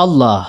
አላህ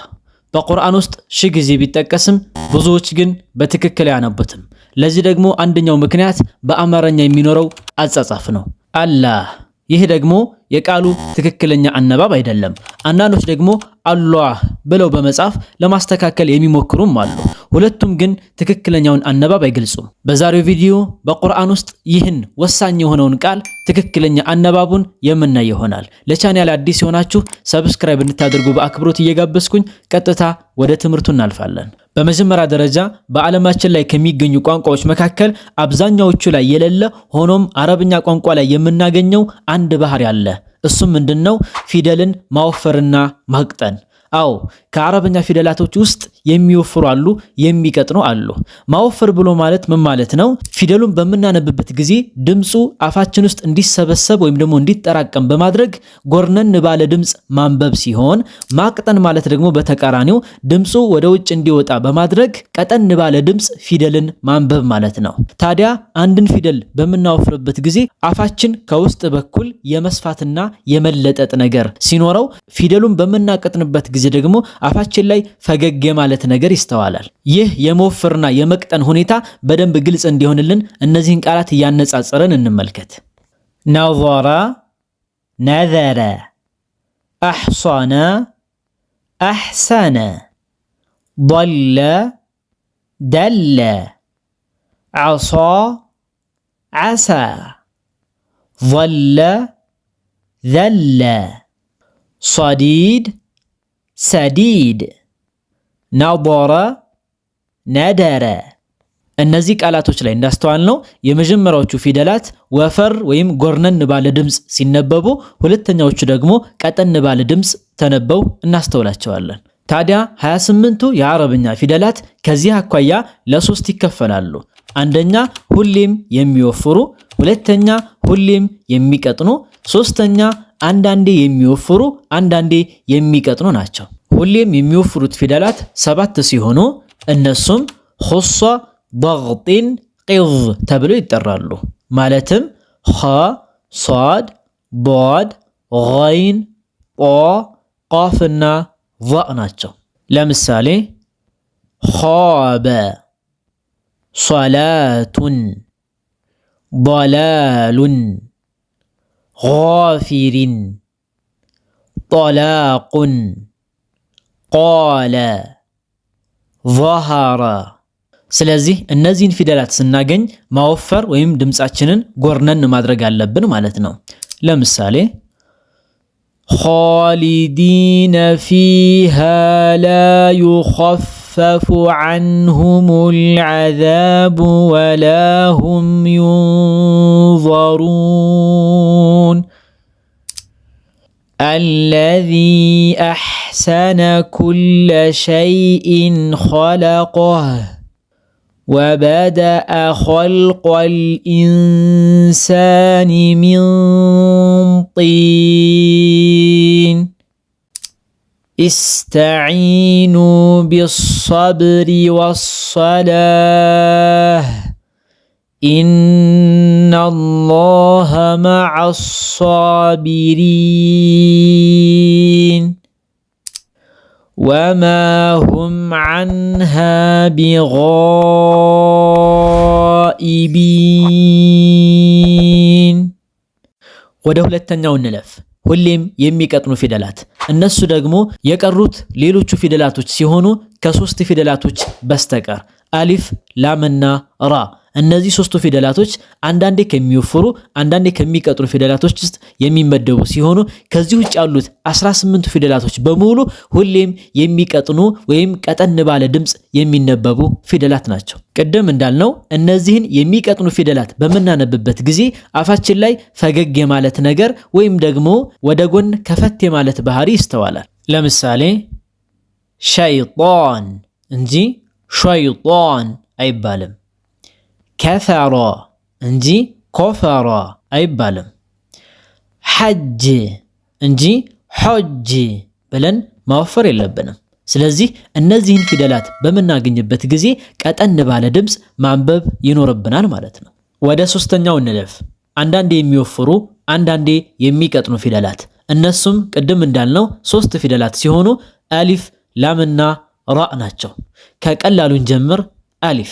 በቁርአን ውስጥ ሺህ ጊዜ ቢጠቀስም ብዙዎች ግን በትክክል አያነቡትም። ለዚህ ደግሞ አንደኛው ምክንያት በአማርኛ የሚኖረው አጻጻፍ ነው። አላህ ይህ ደግሞ የቃሉ ትክክለኛ አነባብ አይደለም። አንዳንዶች ደግሞ አሏህ ብለው በመጻፍ ለማስተካከል የሚሞክሩም አሉ። ሁለቱም ግን ትክክለኛውን አነባብ አይገልጹም። በዛሬው ቪዲዮ በቁርአን ውስጥ ይህን ወሳኝ የሆነውን ቃል ትክክለኛ አነባቡን የምናይ ይሆናል። ለቻናል አዲስ የሆናችሁ ሰብስክራይብ እንድታደርጉ በአክብሮት እየጋበዝኩኝ ቀጥታ ወደ ትምህርቱ እናልፋለን። በመጀመሪያ ደረጃ በዓለማችን ላይ ከሚገኙ ቋንቋዎች መካከል አብዛኛዎቹ ላይ የሌለ ሆኖም አረብኛ ቋንቋ ላይ የምናገኘው አንድ ባህሪ አለ። እሱም ምንድን ነው? ፊደልን ማወፈርና ማቅጠን። አዎ ከአረብኛ ፊደላቶች ውስጥ የሚወፍሩ አሉ፣ የሚቀጥኑ አሉ። ማወፈር ብሎ ማለት ምን ማለት ነው? ፊደሉን በምናነብበት ጊዜ ድምፁ አፋችን ውስጥ እንዲሰበሰብ ወይም ደግሞ እንዲጠራቀም በማድረግ ጎርነን ባለ ድምፅ ማንበብ ሲሆን ማቅጠን ማለት ደግሞ በተቃራኒው ድምፁ ወደ ውጭ እንዲወጣ በማድረግ ቀጠን ባለ ድምፅ ፊደልን ማንበብ ማለት ነው። ታዲያ አንድን ፊደል በምናወፍርበት ጊዜ አፋችን ከውስጥ በኩል የመስፋትና የመለጠጥ ነገር ሲኖረው ፊደሉን በምናቀጥንበት ጊዜ ደግሞ አፋችን ላይ ፈገግ የማለት የማለት ነገር ይስተዋላል። ይህ የመወፈርና የመቅጠን ሁኔታ በደንብ ግልጽ እንዲሆንልን እነዚህን ቃላት እያነጻጸረን እንመልከት። ነዘረ፣ ነዘረ፣ አሕሳነ፣ አሕሰነ፣ ضለ፣ ደለ፣ ዓሳ፣ ዓሳ፣ ظለ፣ ዘለ፣ ሰዲድ ሰዲድ ናቦረ፣ ነደረ እነዚህ ቃላቶች ላይ እንዳስተዋል ነው የመጀመሪያዎቹ ፊደላት ወፈር ወይም ጎርነን ባለ ድምፅ ሲነበቡ፣ ሁለተኛዎቹ ደግሞ ቀጠን ባለ ድምፅ ተነበው እናስተውላቸዋለን። ታዲያ 28ቱ የአረብኛ ፊደላት ከዚህ አኳያ ለሶስት ይከፈላሉ። አንደኛ ሁሌም የሚወፍሩ፣ ሁለተኛ ሁሌም የሚቀጥኑ፣ ሶስተኛ አንዳንዴ የሚወፍሩ አንዳንዴ የሚቀጥኑ ናቸው። هوليم يميوفرد فدالات سبعة تسيهونو النسوم خصة ضغط قض تبلو يترالو مالتم خا صاد ضاد غين او قافنا ضأناتش لمسالي خاب صلاة ضلال غافر طلاق ቆለ ظهረ ስለዚህ እነዚህን ፊደላት ስናገኝ ማወፈር ወይም ድምፃችንን ጎርነን ማድረግ አለብን ማለት ነው። ለምሳሌ ኻሊዲነ ፊሃ ላ ዩኸፈፉ ዐንሁሙል ዐዛቡ ወላ ሁም ዩንዘሩን አለዚ አሕ أحسن كل شيء خلقه وبدا خلق الانسان من طين استعينوا بالصبر والصلاه ان الله مع الصابرين وما هم عنها بغائبين وده لتنعو النلف هليم يميك أطنو في دلات الناس دقمو يكاروت ليلوچ في دلاتوچ سيهونو كسوست في دلاتوچ بستقر ألف لامنا را እነዚህ ሶስቱ ፊደላቶች አንዳንዴ ከሚወፍሩ አንዳንዴ ከሚቀጥሩ ፊደላቶች ውስጥ የሚመደቡ ሲሆኑ ከዚህ ውጭ ያሉት 18ቱ ፊደላቶች በሙሉ ሁሌም የሚቀጥኑ ወይም ቀጠን ባለ ድምፅ የሚነበቡ ፊደላት ናቸው። ቅድም እንዳልነው እነዚህን የሚቀጥኑ ፊደላት በምናነብበት ጊዜ አፋችን ላይ ፈገግ የማለት ነገር ወይም ደግሞ ወደ ጎን ከፈት የማለት ባህሪ ይስተዋላል። ለምሳሌ ሸይጣን እንጂ ሸይጣን አይባልም። ከፈሮ እንጂ ኮፈሮ አይባልም። ሐጅ እንጂ ሖጅ ብለን ማወፈር የለብንም። ስለዚህ እነዚህን ፊደላት በምናገኝበት ጊዜ ቀጠን ባለ ድምፅ ማንበብ ይኖርብናል ማለት ነው። ወደ ሶስተኛው እንለፍ። አንዳንዴ የሚወፍሩ አንዳንዴ የሚቀጥኑ ፊደላት እነሱም ቅድም እንዳልነው ሶስት ፊደላት ሲሆኑ አሊፍ፣ ላምና ራ ናቸው። ከቀላሉን ጀምር አሊፍ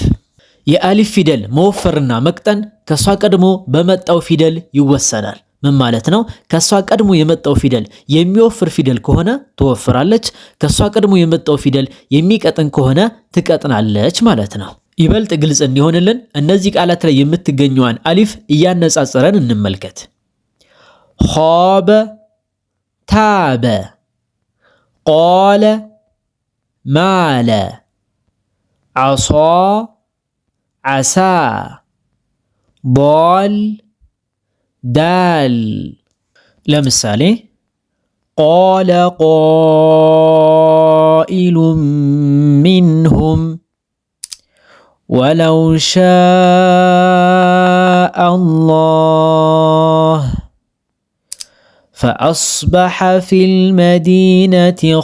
የአሊፍ ፊደል መወፈርና መቅጠን ከሷ ቀድሞ በመጣው ፊደል ይወሰናል። ምን ማለት ነው? ከእሷ ቀድሞ የመጣው ፊደል የሚወፍር ፊደል ከሆነ ትወፍራለች። ከሷ ቀድሞ የመጣው ፊደል የሚቀጥን ከሆነ ትቀጥናለች ማለት ነው። ይበልጥ ግልጽ እንዲሆንልን እነዚህ ቃላት ላይ የምትገኘዋን አሊፍ እያነጻጸረን እንመልከት። ሆበ ታበ፣ ቆለ ማለ፣ አሷ عسى ضال دال لمثالي قال قائل منهم ولو شاء الله فأصبح في المدينة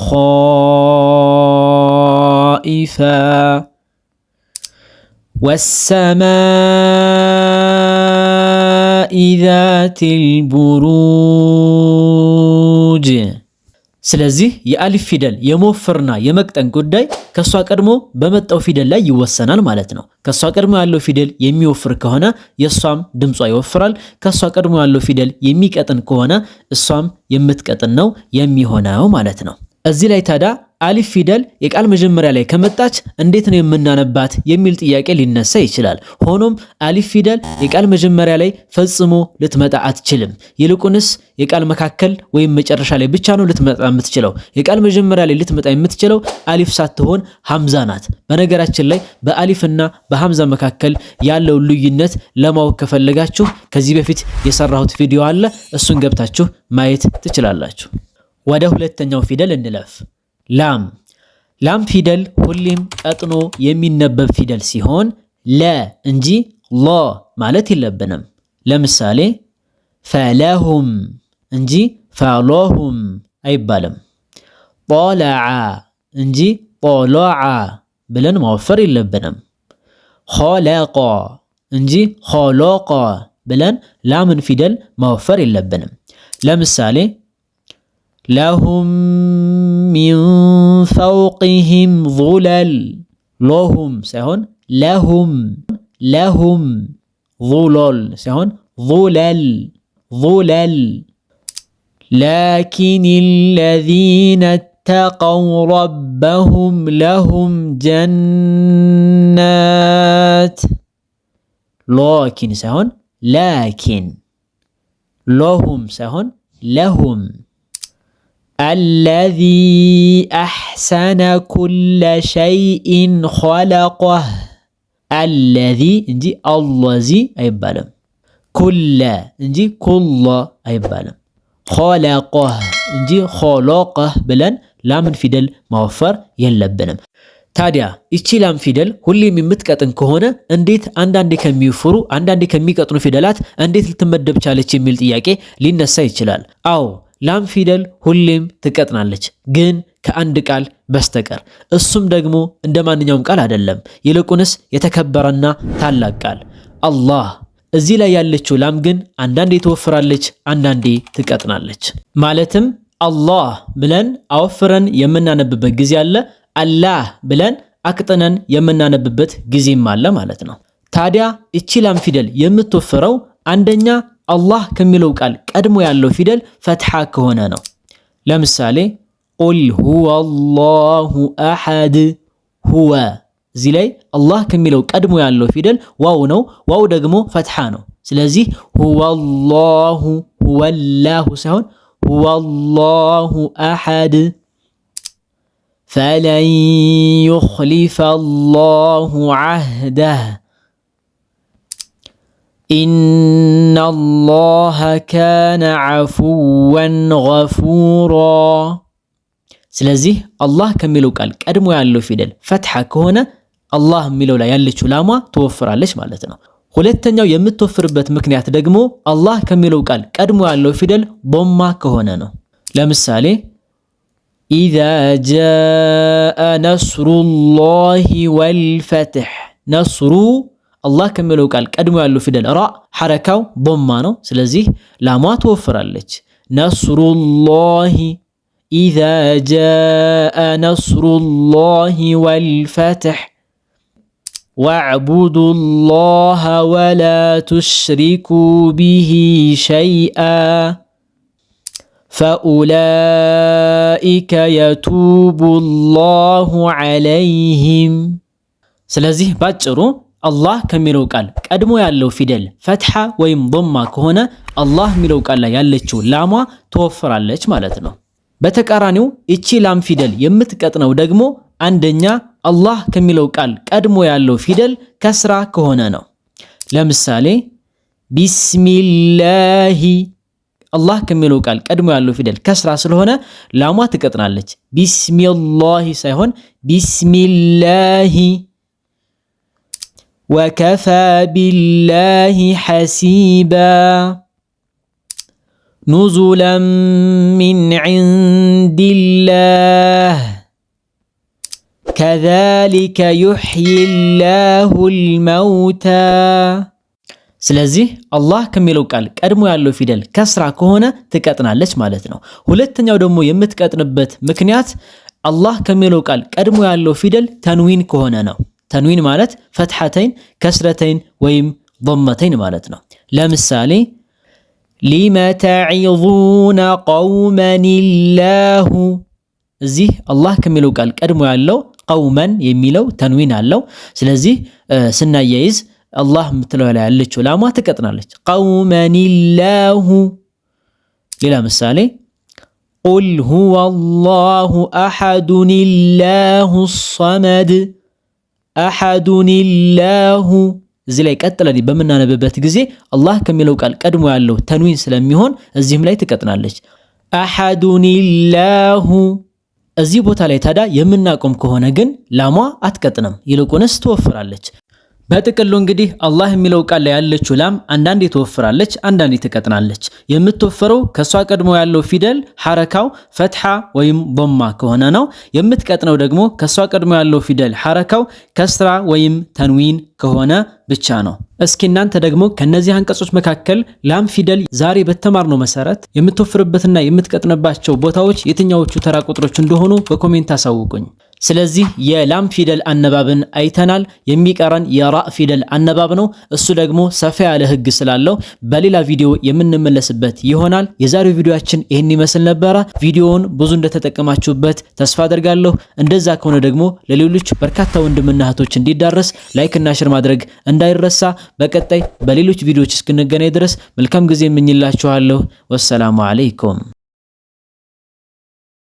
خائفاً ወሰማኢ ዛቲል ቡሩጅ። ስለዚህ የአሊፍ ፊደል የመወፈርና የመቅጠን ጉዳይ ከእሷ ቀድሞ በመጣው ፊደል ላይ ይወሰናል ማለት ነው። ከእሷ ቀድሞ ያለው ፊደል የሚወፍር ከሆነ የእሷም ድምጿ ይወፍራል። ከእሷ ቀድሞ ያለው ፊደል የሚቀጥን ከሆነ እሷም የምትቀጥን ነው የሚሆነው ማለት ነው። እዚህ ላይ ታዲያ አሊፍ ፊደል የቃል መጀመሪያ ላይ ከመጣች እንዴት ነው የምናነባት የሚል ጥያቄ ሊነሳ ይችላል። ሆኖም አሊፍ ፊደል የቃል መጀመሪያ ላይ ፈጽሞ ልትመጣ አትችልም። ይልቁንስ የቃል መካከል ወይም መጨረሻ ላይ ብቻ ነው ልትመጣ የምትችለው። የቃል መጀመሪያ ላይ ልትመጣ የምትችለው አሊፍ ሳትሆን ሐምዛ ናት። በነገራችን ላይ በአሊፍና በሐምዛ መካከል ያለው ልዩነት ለማወቅ ከፈለጋችሁ ከዚህ በፊት የሰራሁት ቪዲዮ አለ። እሱን ገብታችሁ ማየት ትችላላችሁ። ወደ ሁለተኛው ፊደል እንለፍ። ላም ላም ፊደል ሁሌም ቀጥኖ የሚነበብ ፊደል ሲሆን ለ እንጂ ሎ ማለት የለብንም። ለምሳሌ ፈለሁም እንጂ ፈሎሁም አይባልም። ጦለዓ እንጂ ጦሎዓ ብለን ማወፈር የለብንም። ኾለቆ እንጂ ኾሎቆ ብለን ላምን ፊደል ማወፈር የለብንም። ለምሳሌ لهم من فوقهم ظلل لهم سهون لهم لهم ظلل سهون ظلل ظلل لكن الذين اتقوا ربهم لهم جنات لكن سهون لكن لهم سهون لهم አለዚ አሕሰነ ኩለ ሸይኢን ኸለቀህ አለዚ እንጂ አለዚ አይባልም። ኩለ እንጂ ኩሎ አይባልም። ኸለቀህ እንጂ ኸለቀህ ብለን ላምን ፊደል ማወፈር የለብንም። ታዲያ ይቺ ላም ፊደል ሁሌም የምትቀጥን ከሆነ እንዴት አንዳንዴ ከሚወፍሩ አንዳንዴ ከሚቀጥኑ ፊደላት እንዴት ልትመደብ ቻለች የሚል ጥያቄ ሊነሳ ይችላል። አዎ ላም ፊደል ሁሌም ትቀጥናለች ግን ከአንድ ቃል በስተቀር እሱም ደግሞ እንደ ማንኛውም ቃል አይደለም፣ ይልቁንስ የተከበረና ታላቅ ቃል አላህ። እዚህ ላይ ያለችው ላም ግን አንዳንዴ ትወፍራለች፣ አንዳንዴ ትቀጥናለች። ማለትም አላህ ብለን አወፍረን የምናነብበት ጊዜ አለ፣ አላህ ብለን አቅጥነን የምናነብበት ጊዜም አለ ማለት ነው። ታዲያ እቺ ላም ፊደል የምትወፍረው አንደኛ الله كميلو قال قدمو يالو فيدل فتحا كهونا نو لمثالي قل هو الله احد هو زيلي الله كميلو قدمو يالو فيدل واو نو واو دغمو فتحا نو سلازي هو الله هو الله سهون هو الله احد فلن يخلف الله عهده ኢነ አላህ ካነ ዐፉወን ገፉራ። ስለዚህ አላህ ከሚለው ቃል ቀድሞ ያለው ፊደል ፈትሐ ከሆነ አላህ የሚለው ላይ ያለችው ላሟ ትወፍራለች ማለት ነው። ሁለተኛው የምትወፍርበት ምክንያት ደግሞ አላህ ከሚለው ቃል ቀድሞ ያለው ፊደል ዶማ ከሆነ ነው። ለምሳሌ ኢዛ ጃአ ነስሩላሂ ወልፈትሕ ነስሩ الله كملو قال قدمو يالو فيدل را حركاو ضما نو سلازي لا ما توفرالچ نصر الله اذا جاء نصر الله والفتح واعبدوا الله ولا تشركوا به شيئا فاولئك يتوب الله عليهم سلازي باچرو አላህ ከሚለው ቃል ቀድሞ ያለው ፊደል ፈትሐ ወይም ዶማ ከሆነ አላህ የሚለው ቃል ላይ ያለችው ላሟ ትወፍራለች ማለት ነው። በተቃራኒው እቺ ላም ፊደል የምትቀጥነው ደግሞ አንደኛ አላህ ከሚለው ቃል ቀድሞ ያለው ፊደል ከስራ ከሆነ ነው። ለምሳሌ ቢስሚላሂ አላህ ከሚለው ቃል ቀድሞ ያለው ፊደል ከስራ ስለሆነ ላሟ ትቀጥናለች። ቢስሚላሂ ሳይሆን ቢስሚላሂ وكفى بالله حسيبا نزلا من عند الله كذلك يحيي الله الموتى سلازي الله كميلو قال قدمو يالو فيدل كسرا كهونا تقطنا لش معناتنو ሁለተኛው ደሞ የምትቀጥንበት ምክንያት الله كميلو قال قدمو يالو فيدل تنوين كهونا ነው ተንዊን ማለት ፈትሐተይን ከስረተይን ወይም ضመተይን ማለት ነው። ለምሳሌ ሊመ ተዒዙነ ቀውመን ላሁ እዚህ አላህ ከሚለው ቃል ቀድሞ ያለው ቀውመን የሚለው ተንዊን አለው። ስለዚህ ስናያይዝ አላህ የምትለው ላይ ያለችው ላሟ ትቀጥናለች። ቀውመን ላሁ። ሌላ ምሳሌ ቁል ሁወ አላሁ አሐዱን ላሁ ሰመድ አሐዱን ኢላሁ እዚህ ላይ ቀጥለን በምናነብበት ጊዜ አላህ ከሚለው ቃል ቀድሞ ያለው ተንዊን ስለሚሆን እዚህም ላይ ትቀጥናለች። አሐዱን ኢላሁ እዚህ ቦታ ላይ ታዲያ የምናቆም ከሆነ ግን ላሟ አትቀጥንም፣ ይልቁንስ ትወፍራለች። በጥቅሉ እንግዲህ አላህ የሚለው ቃል ላይ ያለችው ላም አንዳንዴ ትወፍራለች፣ አንዳንዴ ትቀጥናለች። የምትወፈረው ከሷ ቀድሞ ያለው ፊደል ሐረካው ፈትሓ ወይም ቦማ ከሆነ ነው። የምትቀጥነው ደግሞ ከሷ ቀድሞ ያለው ፊደል ሐረካው ከስራ ወይም ተንዊን ከሆነ ብቻ ነው። እስኪ እናንተ ደግሞ ከነዚህ አንቀጾች መካከል ላም ፊደል ዛሬ በተማርነው መሰረት የምትወፍርበትና የምትቀጥንባቸው ቦታዎች የትኛዎቹ ተራ ቁጥሮች እንደሆኑ በኮሜንት አሳውቁኝ። ስለዚህ የላም ፊደል አነባብን አይተናል። የሚቀረን የራ ፊደል አነባብ ነው። እሱ ደግሞ ሰፋ ያለ ህግ ስላለው በሌላ ቪዲዮ የምንመለስበት ይሆናል። የዛሬው ቪዲዮአችን ይህን ይመስል ነበረ። ቪዲዮውን ብዙ እንደተጠቀማችሁበት ተስፋ አድርጋለሁ። እንደዛ ከሆነ ደግሞ ለሌሎች በርካታ ወንድምና እህቶች እንዲዳረስ እና ሽር ማድረግ እንዳይረሳ። በቀጣይ በሌሎች ቪዲዮዎች እስክንገናኝ ድረስ መልካም ጊዜ እመኝላችኋለሁ። ወሰላሙ አለይኩም